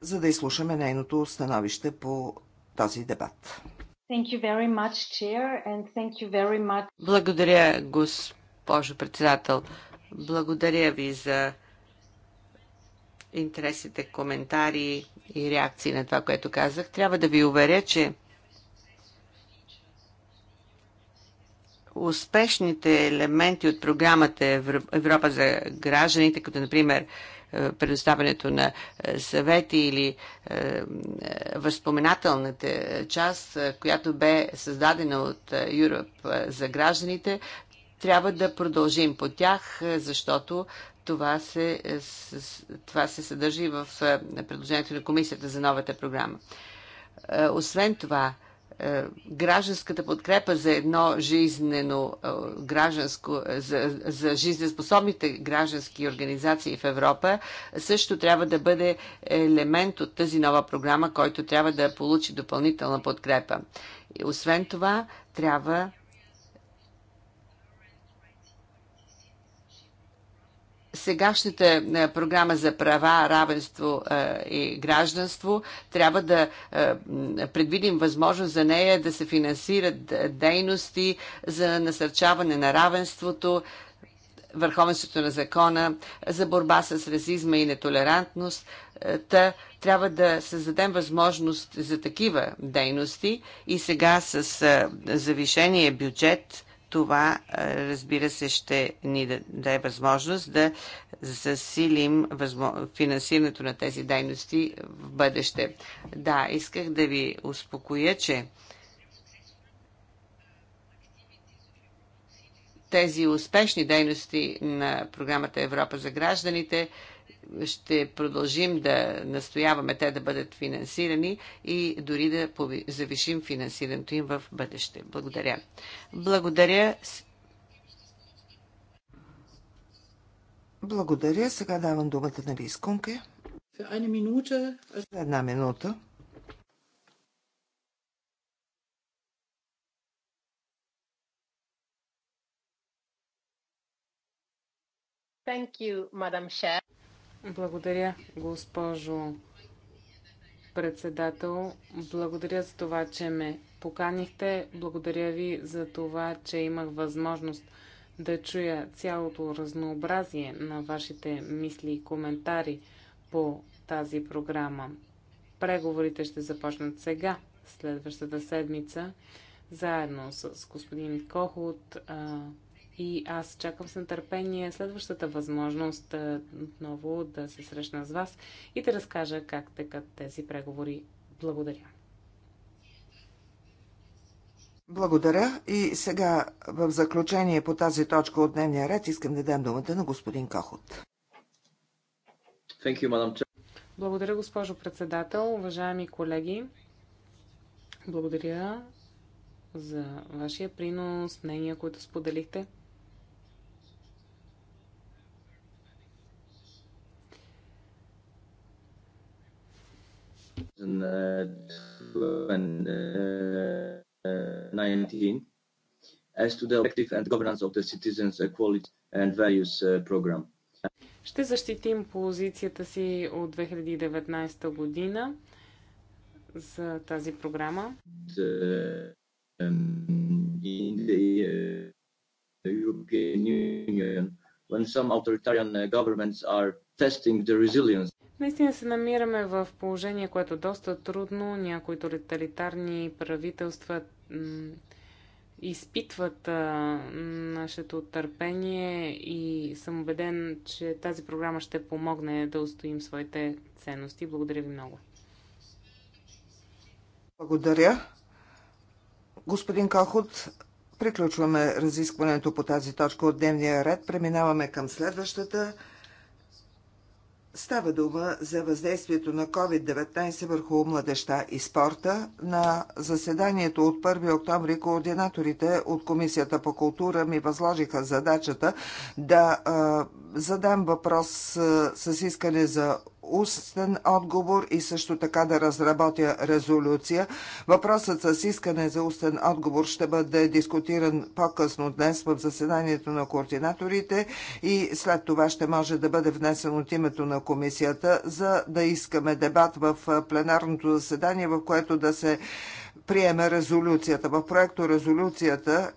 за да изслушаме нейното становище по този дебат. Благодаря, госпожо председател. Благодаря ви за интересите, коментари и реакции на това, което казах. Трябва да ви уверя, че успешните елементи от програмата Европа за гражданите, като например е, предоставянето на е, съвети или е, възпоменателната част, която бе създадена от Europe за гражданите, трябва да продължим по тях, защото това се, това се съдържи в предложението на комисията за новата програма. Освен това, е, гражданската подкрепа за едно жизнено е, гражданско, е, за, за жизнеспособните граждански организации в Европа също трябва да бъде елемент от тази нова програма, който трябва да получи допълнителна подкрепа. И освен това, трябва сегашната е, програма за права, равенство е, и гражданство трябва да е, предвидим възможност за нея да се финансират дейности за насърчаване на равенството, върховенството на закона, за борба с расизма и нетолерантност, та трябва да създадем възможност за такива дейности и сега с завишение бюджет това, разбира се, ще ни даде възможност да засилим финансирането на тези дейности в бъдеще. Да, исках да ви успокоя, че тези успешни дейности на програмата Европа за гражданите – ще продължим да настояваме те да бъдат финансирани и дори да завишим финансирането им в бъдеще. Благодаря. Благодаря. Благодаря. Сега давам думата на Висконке. За една минута. Thank you, Madam Chair. Благодаря, госпожо председател. Благодаря за това, че ме поканихте. Благодаря ви за това, че имах възможност да чуя цялото разнообразие на вашите мисли и коментари по тази програма. Преговорите ще започнат сега, следващата седмица, заедно с господин Кохот, и аз чакам с нетърпение следващата възможност е, отново да се срещна с вас и да разкажа как текат тези преговори. Благодаря. Благодаря. И сега в заключение по тази точка от дневния ред искам да дам думата на господин Кахот. You, Благодаря, госпожо председател, уважаеми колеги. Благодаря за вашия принос, мнения, които споделихте. 2019 as to the objective and governance of the citizens equality and values program. Ще защитим позицията си от 2019 година за тази програма. The, um, in the European Union, when some authoritarian governments are testing the resilience Наистина се намираме в положение, което е доста трудно. Някои тоталитарни правителства изпитват а, нашето търпение и съм убеден, че тази програма ще помогне да устоим своите ценности. Благодаря ви много. Благодаря. Господин Кахот, приключваме разискването по тази точка от дневния ред. Преминаваме към следващата. Става дума за въздействието на COVID-19 върху младеща и спорта. На заседанието от 1 октомври координаторите от Комисията по култура ми възложиха задачата да задам въпрос с искане за устен отговор и също така да разработя резолюция. Въпросът с искане за устен отговор ще бъде дискутиран по-късно днес в заседанието на координаторите и след това ще може да бъде внесен от името на комисията, за да искаме дебат в пленарното заседание, в което да се приеме резолюцията. В проекто резолюцията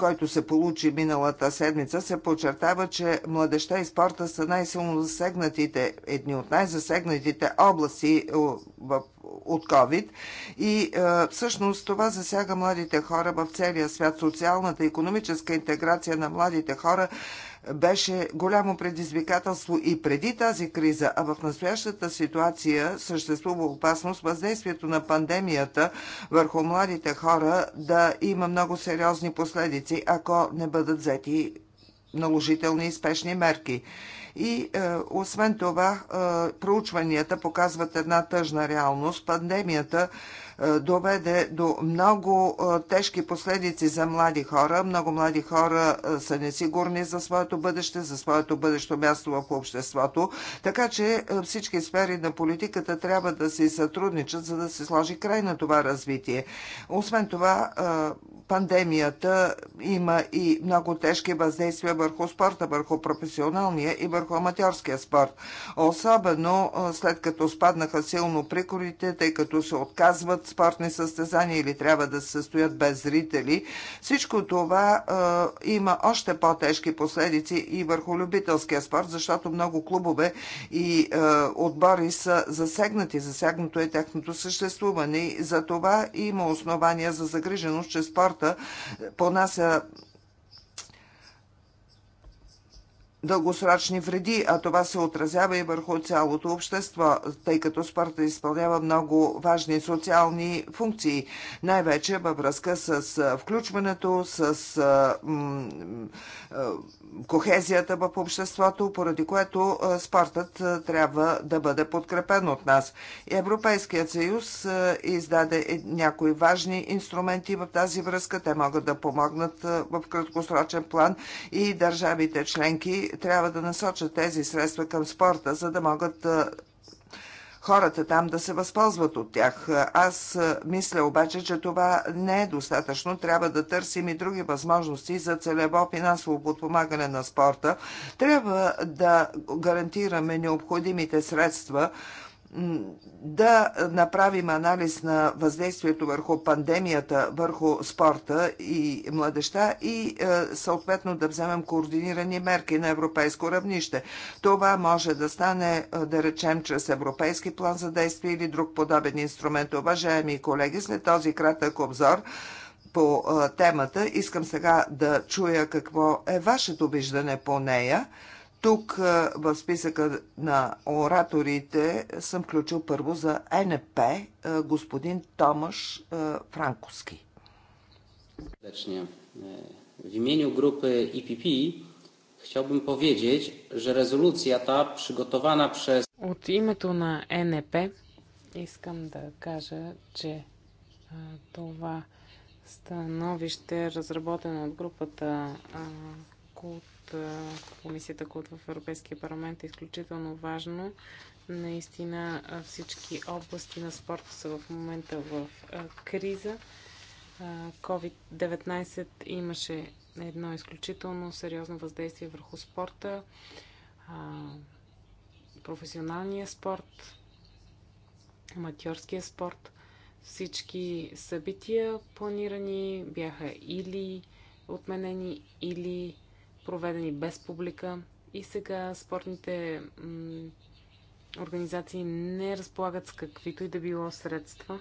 който се получи миналата седмица, се подчертава, че младеща и спорта са най-силно засегнатите, едни от най-засегнатите области е, от COVID. И е, всъщност това засяга младите хора в целия свят. Социалната и економическа интеграция на младите хора беше голямо предизвикателство и преди тази криза, а в настоящата ситуация съществува опасност въздействието на пандемията върху младите хора да има много сериозни последици, ако не бъдат взети наложителни и спешни мерки. И е, освен това, е, проучванията показват една тъжна реалност. Пандемията е, доведе до много е, тежки последици за млади хора. Много млади хора е, са несигурни за своето бъдеще, за своето бъдещо място в обществото. Така че всички сфери на политиката трябва да се сътрудничат, за да се сложи край на това развитие. Освен това, пандемията има и много тежки въздействия върху спорта, върху професионалния и върху аматьорския спорт. Особено след като спаднаха силно прикорите, тъй като се отказват спортни състезания или трябва да се състоят без зрители. Всичко това е, има още по-тежки последици и върху любителския спорт, защото много клубове и е, отбори са засегнати. Засегнато е техното съществуване. За това има основания за загриженост, че спорта понася дългосрочни вреди, а това се отразява и върху цялото общество, тъй като спорта изпълнява много важни социални функции, най-вече във връзка с включването, с кохезията в обществото, поради което спортът трябва да бъде подкрепен от нас. Европейският съюз издаде е, някои важни инструменти в тази връзка. Те могат да помогнат в краткосрочен план и държавите членки трябва да насочат тези средства към спорта, за да могат хората там да се възползват от тях. Аз мисля обаче, че това не е достатъчно. Трябва да търсим и други възможности за целево финансово подпомагане на спорта. Трябва да гарантираме необходимите средства да направим анализ на въздействието върху пандемията, върху спорта и младеща и е, съответно да вземем координирани мерки на европейско равнище. Това може да стане, е, да речем, чрез Европейски план за действие или друг подобен инструмент. Уважаеми колеги, след този кратък обзор, по е, темата. Искам сега да чуя какво е вашето виждане по нея. Тук в списъка на ораторите съм включил първо за НП господин Томаш Франковски. W е, imieniu grupy ИПП e chciałbym powiedzieć, że rezolucja ta przygotowana przez... От името на НП искам да кажа, че това становище, е разработено от групата а, култура, Комисията Култ в Европейския парламент е изключително важно. Наистина всички области на спорта са в момента в криза. COVID-19 имаше едно изключително сериозно въздействие върху спорта, професионалния спорт, аматьорския спорт. Всички събития планирани бяха или отменени, или проведени без публика. И сега спортните организации не разполагат с каквито и да било средства.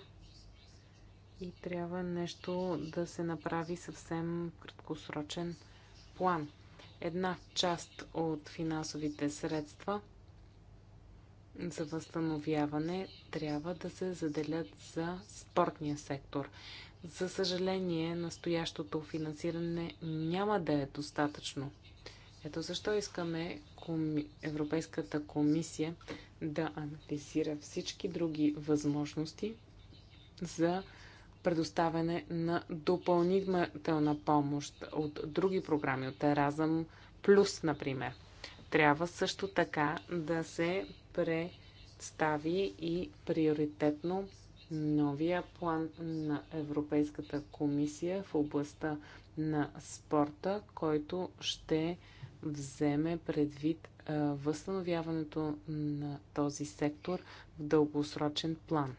И трябва нещо да се направи съвсем краткосрочен план. Една част от финансовите средства за възстановяване трябва да се заделят за спортния сектор. За съжаление, настоящото финансиране няма да е достатъчно. Ето защо искаме коми... Европейската комисия да анализира всички други възможности за предоставяне на допълнителна помощ от други програми, от Еразъм Плюс, например. Трябва също така да се представи и приоритетно новия план на Европейската комисия в областта на спорта, който ще вземе предвид възстановяването на този сектор в дългосрочен план.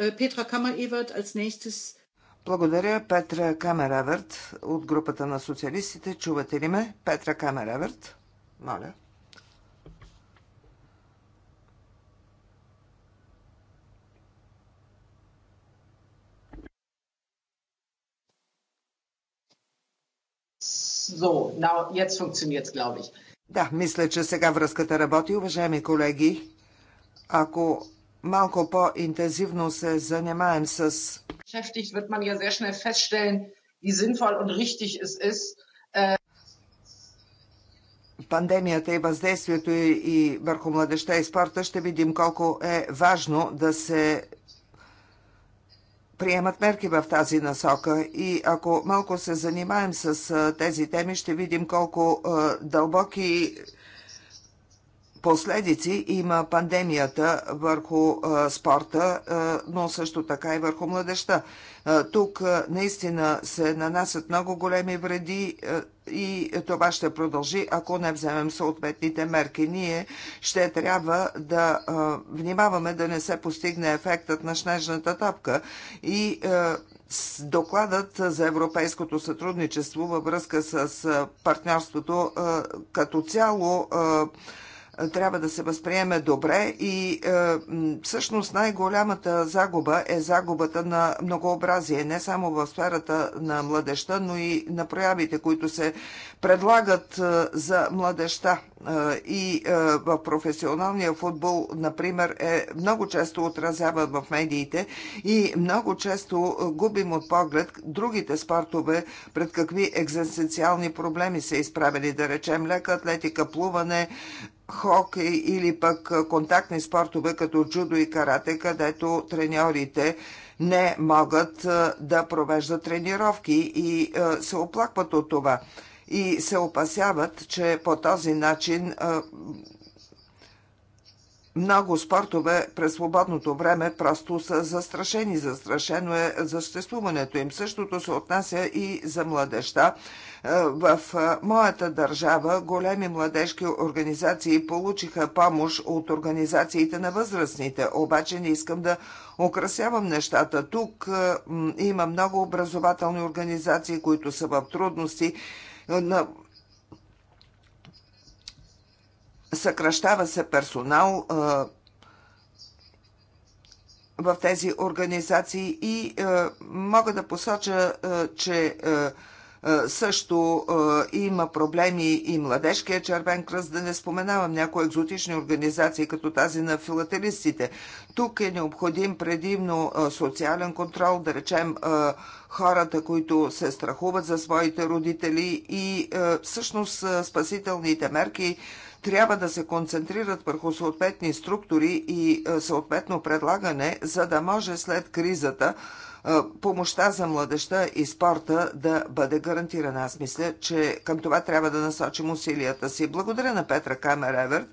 Е, Петра Камереверт als nächstes. Благодаря, Петра Камераверт. от групата на социалистите. Чувате ли ме? Петра Камераверт. Моля. So, now, jetzt funktioniert es, glaube ich. Да, мисля, че сега връзката работи, уважаеми колеги. Ако малко по-интензивно се занимаем с... Beschäftigt wird man ja sehr schnell feststellen, wie sinnvoll und richtig es ist, äh, пандемията и въздействието и върху младеща и спорта, ще видим колко е важно да се приемат мерки в тази насока. И ако малко се занимаем с тези теми, ще видим колко дълбоки последици има пандемията върху спорта, но също така и върху младеща. Тук наистина се нанасят много големи вреди и това ще продължи, ако не вземем съответните мерки. Ние ще трябва да внимаваме да не се постигне ефектът на снежната топка и Докладът за европейското сътрудничество във връзка с партньорството като цяло трябва да се възприеме добре и е, всъщност най-голямата загуба е загубата на многообразие, не само в сферата на младеща, но и на проявите, които се предлагат е, за младеща. Е, и в професионалния футбол, например, е много често отразява в медиите и много често губим от поглед другите спортове, пред какви екзистенциални проблеми са изправени, да речем лека атлетика, плуване, хокей или пък контактни спортове като джудо и карате, където треньорите не могат да провеждат тренировки и се оплакват от това и се опасяват, че по този начин много спортове през свободното време просто са застрашени. Застрашено е съществуването им. Същото се отнася и за младеща. Е, в е, моята държава големи младежки организации получиха помощ от организациите на възрастните. Обаче не искам да украсявам нещата. Тук е, има много образователни организации, които са в трудности съкръщава се персонал в тези организации и мога да посоча, че също има проблеми и Младежкия червен кръст, да не споменавам някои екзотични организации, като тази на филателистите. Тук е необходим предимно социален контрол, да речем хората, които се страхуват за своите родители и всъщност спасителните мерки трябва да се концентрират върху съответни структури и е, съответно предлагане, за да може след кризата е, помощта за младеща и спорта да бъде гарантирана. Аз мисля, че към това трябва да насочим усилията си. Благодаря на Петра Камереверт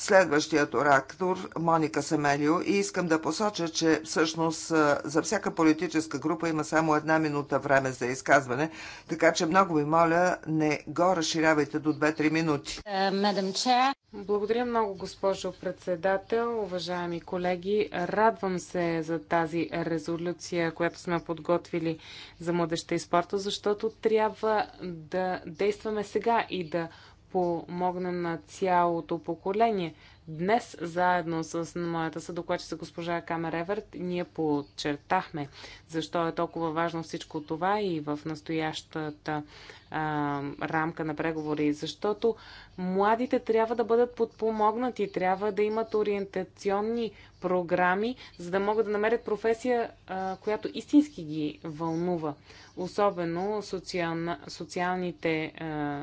следващият оратор Моника Семелио и искам да посоча, че всъщност за всяка политическа група има само една минута време за изказване, така че много ви моля, не го разширявайте до 2-3 минути. Е, Благодаря много, госпожо председател, уважаеми колеги. Радвам се за тази резолюция, която сме подготвили за младеща и спорта, защото трябва да действаме сега и да помогнем на цялото поколение. Днес, заедно с моята съдокладчица госпожа Камер Еверт, ние подчертахме защо е толкова важно всичко това и в настоящата а, рамка на преговори. Защото младите трябва да бъдат подпомогнати, трябва да имат ориентационни програми, за да могат да намерят професия, а, която истински ги вълнува. Особено социална, социалните. А,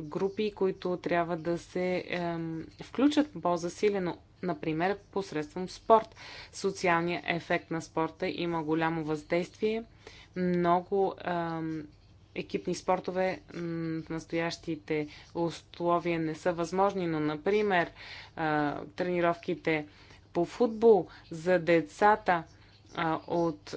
групи, които трябва да се е, включат по-засилено, например посредством спорт. Социалният ефект на спорта има голямо въздействие. Много е, екипни спортове в настоящите условия не са възможни, но, например, тренировките по футбол за децата от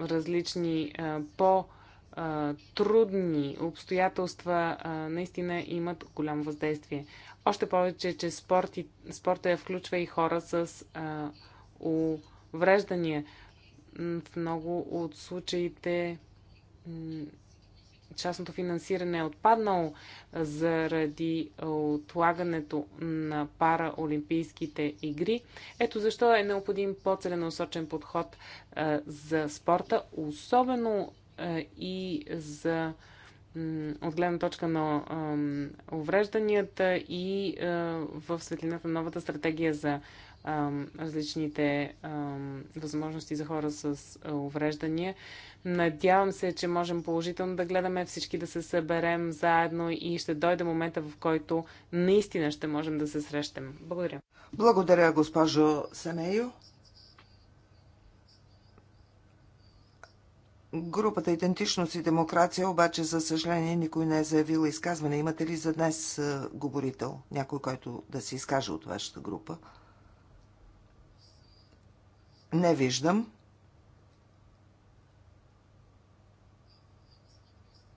различни по- а, трудни обстоятелства а, наистина имат голямо въздействие. Още повече, че спорт и, спорта включва и хора с а, увреждания. В много от случаите частното финансиране е отпаднало заради отлагането на параолимпийските игри. Ето защо е необходим по-целенасочен подход за спорта, особено и за от гледна точка на уврежданията и в светлината на новата стратегия за различните възможности за хора с увреждания. Надявам се, че можем положително да гледаме всички да се съберем заедно и ще дойде момента, в който наистина ще можем да се срещнем. Благодаря. Благодаря, госпожо Семейо. Групата Идентичност и демокрация обаче, за съжаление, никой не е заявил изказване. Имате ли за днес говорител, някой, който да се изкаже от вашата група? Не виждам.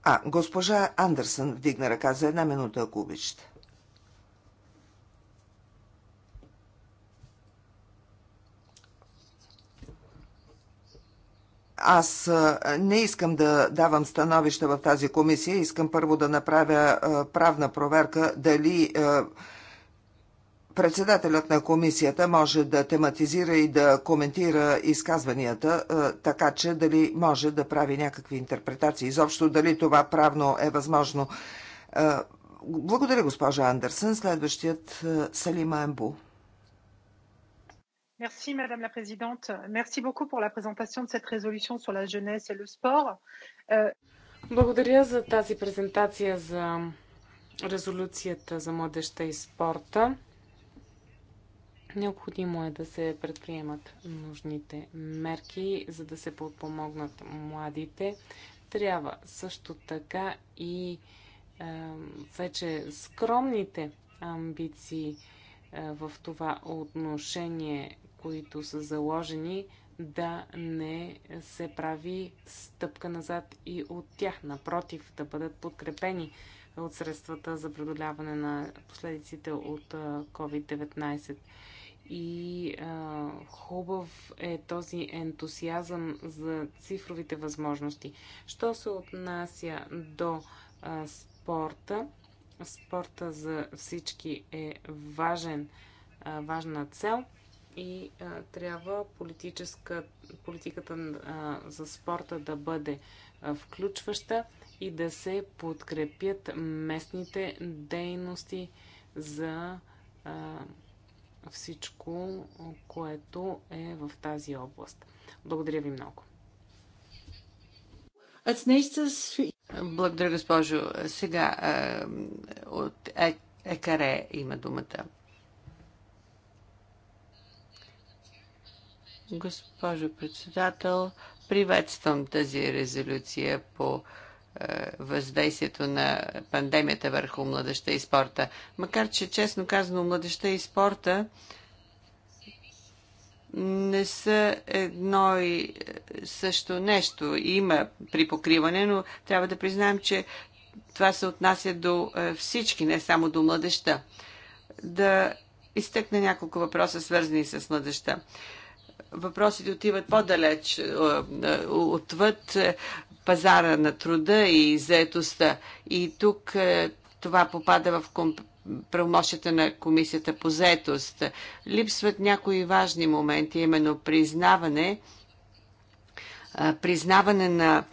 А, госпожа Андерсън вдигна ръка за една минута, ако обичате. Аз не искам да давам становища в тази комисия. Искам първо да направя правна проверка дали председателят на комисията може да тематизира и да коментира изказванията, така че дали може да прави някакви интерпретации. Изобщо дали това правно е възможно. Благодаря, госпожа Андерсен. Следващият Салима Ембул. Merci Madame la Présidente. Merci beaucoup pour la présentation de cette résolution sur la jeunesse et le sport. Euh, Благодаря за тази презентация за резолюцията за младеща и спорта. Необходимо е да се предприемат нужните мерки, за да се подпомогнат младите. Трябва също така и е, вече скромните амбиции е, в това отношение които са заложени, да не се прави стъпка назад и от тях. Напротив, да бъдат подкрепени от средствата за преодоляване на последиците от COVID-19. И а, хубав е този ентусиазъм за цифровите възможности. Що се отнася до а, спорта, спорта за всички е важен, а, важна цел – и а, трябва политическа, политиката а, за спорта да бъде а, включваща и да се подкрепят местните дейности за а, всичко, което е в тази област. Благодаря ви много. Благодаря, госпожо. Сега от е- Екаре има думата. Госпожо председател, приветствам тази резолюция по е, въздействието на пандемията върху младеща и спорта. Макар, че честно казано, младеща и спорта не са едно и също нещо. Има припокриване, но трябва да признаем, че това се отнася до е, всички, не само до младеща. Да изтъкна няколко въпроса, свързани с младеща въпросите отиват по-далеч, е, е, отвъд е, пазара на труда и заетостта. И тук това попада в правомощите на комисията по заетост. Липсват някои важни моменти, именно признаване, признаване на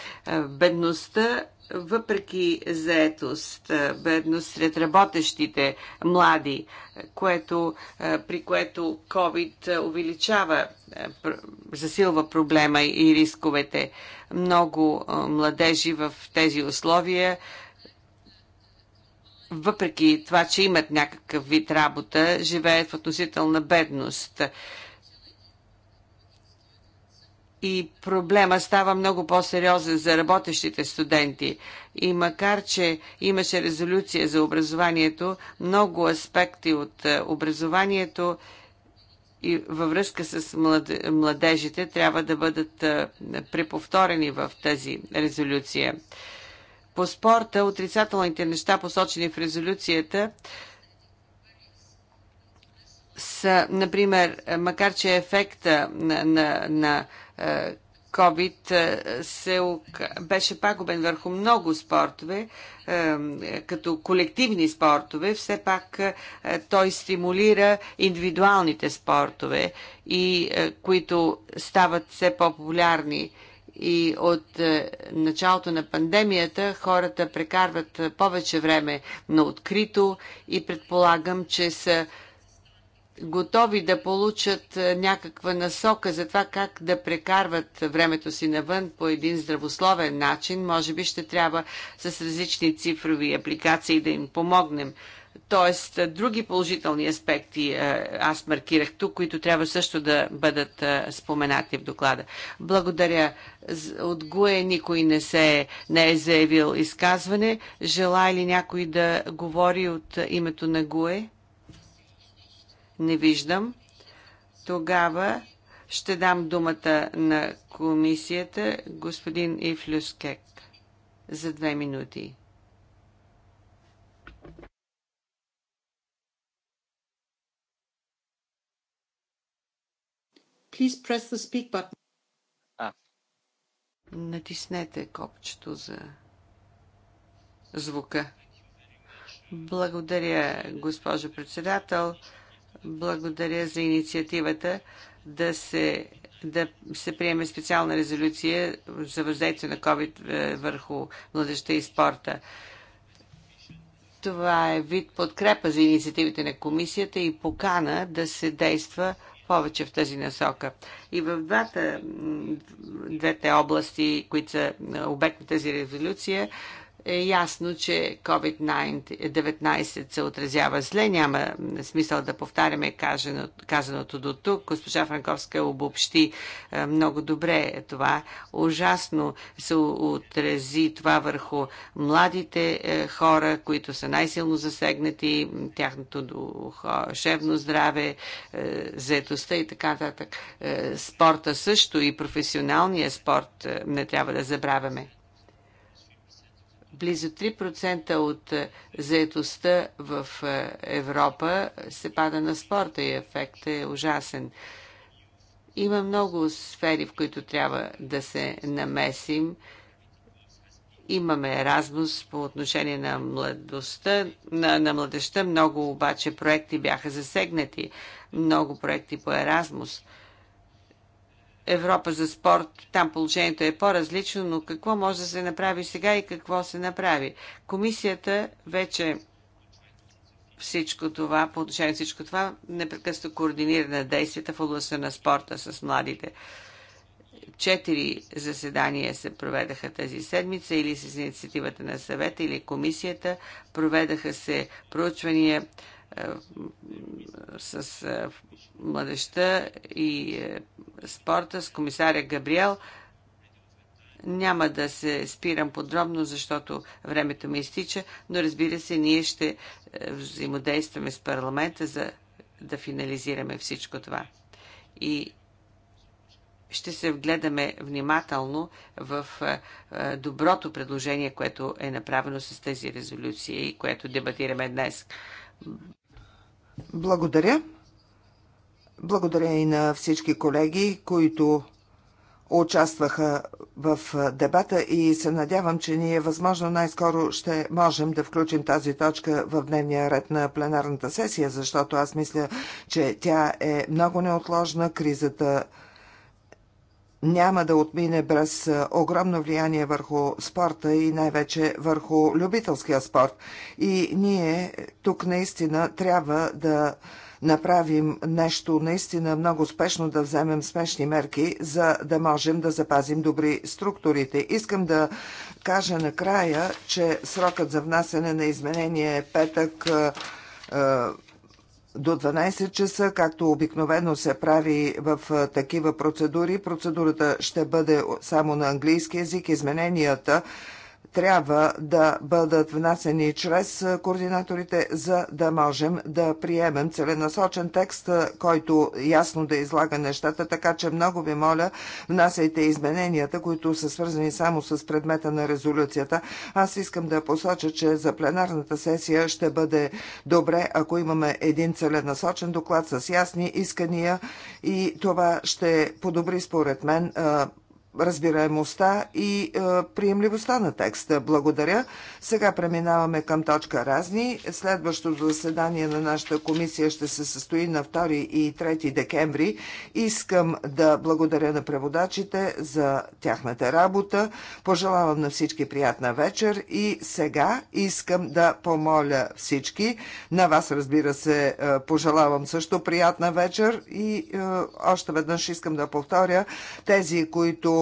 бедността въпреки заетост, бедност сред работещите млади, което, при което COVID увеличава, засилва проблема и рисковете. Много младежи в тези условия въпреки това, че имат някакъв вид работа, живеят в относителна бедност и проблема става много по-сериозен за работещите студенти. И макар, че имаше резолюция за образованието, много аспекти от е, образованието и във връзка с младежите трябва да бъдат е, преповторени в тази резолюция. По спорта отрицателните неща, посочени в резолюцията, са, например, макар че ефекта на, на, на е, COVID е, се, беше пагубен върху много спортове, е, като колективни спортове, все пак той стимулира индивидуалните спортове, и, които стават все по-популярни. И от началото на пандемията хората прекарват повече време на открито и предполагам, че са готови да получат е, някаква насока за това как да прекарват времето си навън по един здравословен начин, може би ще трябва с различни цифрови апликации да им помогнем. Тоест, е, други положителни аспекти е, аз маркирах тук, които трябва също да бъдат споменати в доклада. Благодаря. От ГУЕ никой не, се, не е заявил изказване. Желая ли някой да говори от името на ГУЕ? Не виждам. Тогава ще дам думата на комисията господин Ифлюскек за две минути. Please press the speak button. А. Натиснете копчето за звука. Благодаря, госпожо председател. Благодаря за инициативата да се, да се приеме специална резолюция за въздействие на COVID е, върху младежта и спорта. Това е вид подкрепа за инициативите на комисията и покана да се действа повече в тази насока. И в двата, двете области, които са е, обект на тази резолюция, е ясно, че COVID-19 се отразява зле. Няма смисъл да повтаряме казаното, казаното до тук. Госпожа Франковска обобщи е, много добре това. Ужасно се отрази това върху младите е, хора, които са най-силно засегнати, тяхното душевно здраве, е, заетостта и така нататък. Спорта също и професионалния спорт не трябва да забравяме. Близо 3% от е, заетостта в е, Европа се пада на спорта и ефектът е ужасен. Има много сфери, в които трябва да се намесим. Имаме Еразмус по отношение на младостта, на, на младеща. Много обаче проекти бяха засегнати. Много проекти по Еразмус – Европа за спорт, там положението е по-различно, но какво може да се направи сега и какво се направи? Комисията вече всичко това, по отношение всичко това, непрекъсно координира на действията в областта на спорта с младите. Четири заседания се проведаха тази седмица или с инициативата на съвета или комисията. Проведаха се проучвания с е, младеща и е, спорта, с комисаря Габриел. Няма да се спирам подробно, защото времето ми изтича, но разбира се, ние ще е, взаимодействаме с парламента, за да финализираме всичко това. И ще се вгледаме внимателно в доброто предложение, което е направено с тези резолюции и което дебатираме днес. Благодаря. Благодаря и на всички колеги, които участваха в дебата и се надявам, че ние възможно най-скоро ще можем да включим тази точка в дневния ред на пленарната сесия, защото аз мисля, че тя е много неотложна. Кризата няма да отмине без огромно влияние върху спорта и най-вече върху любителския спорт. И ние е, тук наистина трябва да направим нещо наистина много спешно, да вземем спешни мерки, за да можем да запазим добри структурите. Искам да кажа накрая, че срокът за внасяне на изменение е петък до 12 часа, както обикновено се прави в такива процедури. Процедурата ще бъде само на английски язик. Измененията трябва да бъдат внасени чрез координаторите, за да можем да приемем целенасочен текст, който ясно да излага нещата, така че много ви моля, внасяйте измененията, които са свързани само с предмета на резолюцията. Аз искам да посоча, че за пленарната сесия ще бъде добре, ако имаме един целенасочен доклад с ясни искания и това ще подобри според мен разбираемостта и е, приемливостта на текста. Благодаря. Сега преминаваме към точка разни. Следващото заседание на нашата комисия ще се състои на 2 и 3 декември. Искам да благодаря на преводачите за тяхната работа. Пожелавам на всички приятна вечер и сега искам да помоля всички. На вас, разбира се, е, пожелавам също приятна вечер и е, още веднъж искам да повторя тези, които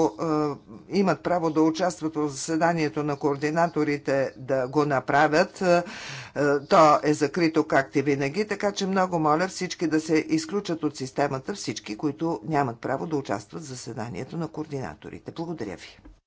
имат право да участват в заседанието на координаторите, да го направят. то е закрито както и винаги, така че много моля всички да се изключат от системата, всички, които нямат право да участват в заседанието на координаторите. Благодаря ви.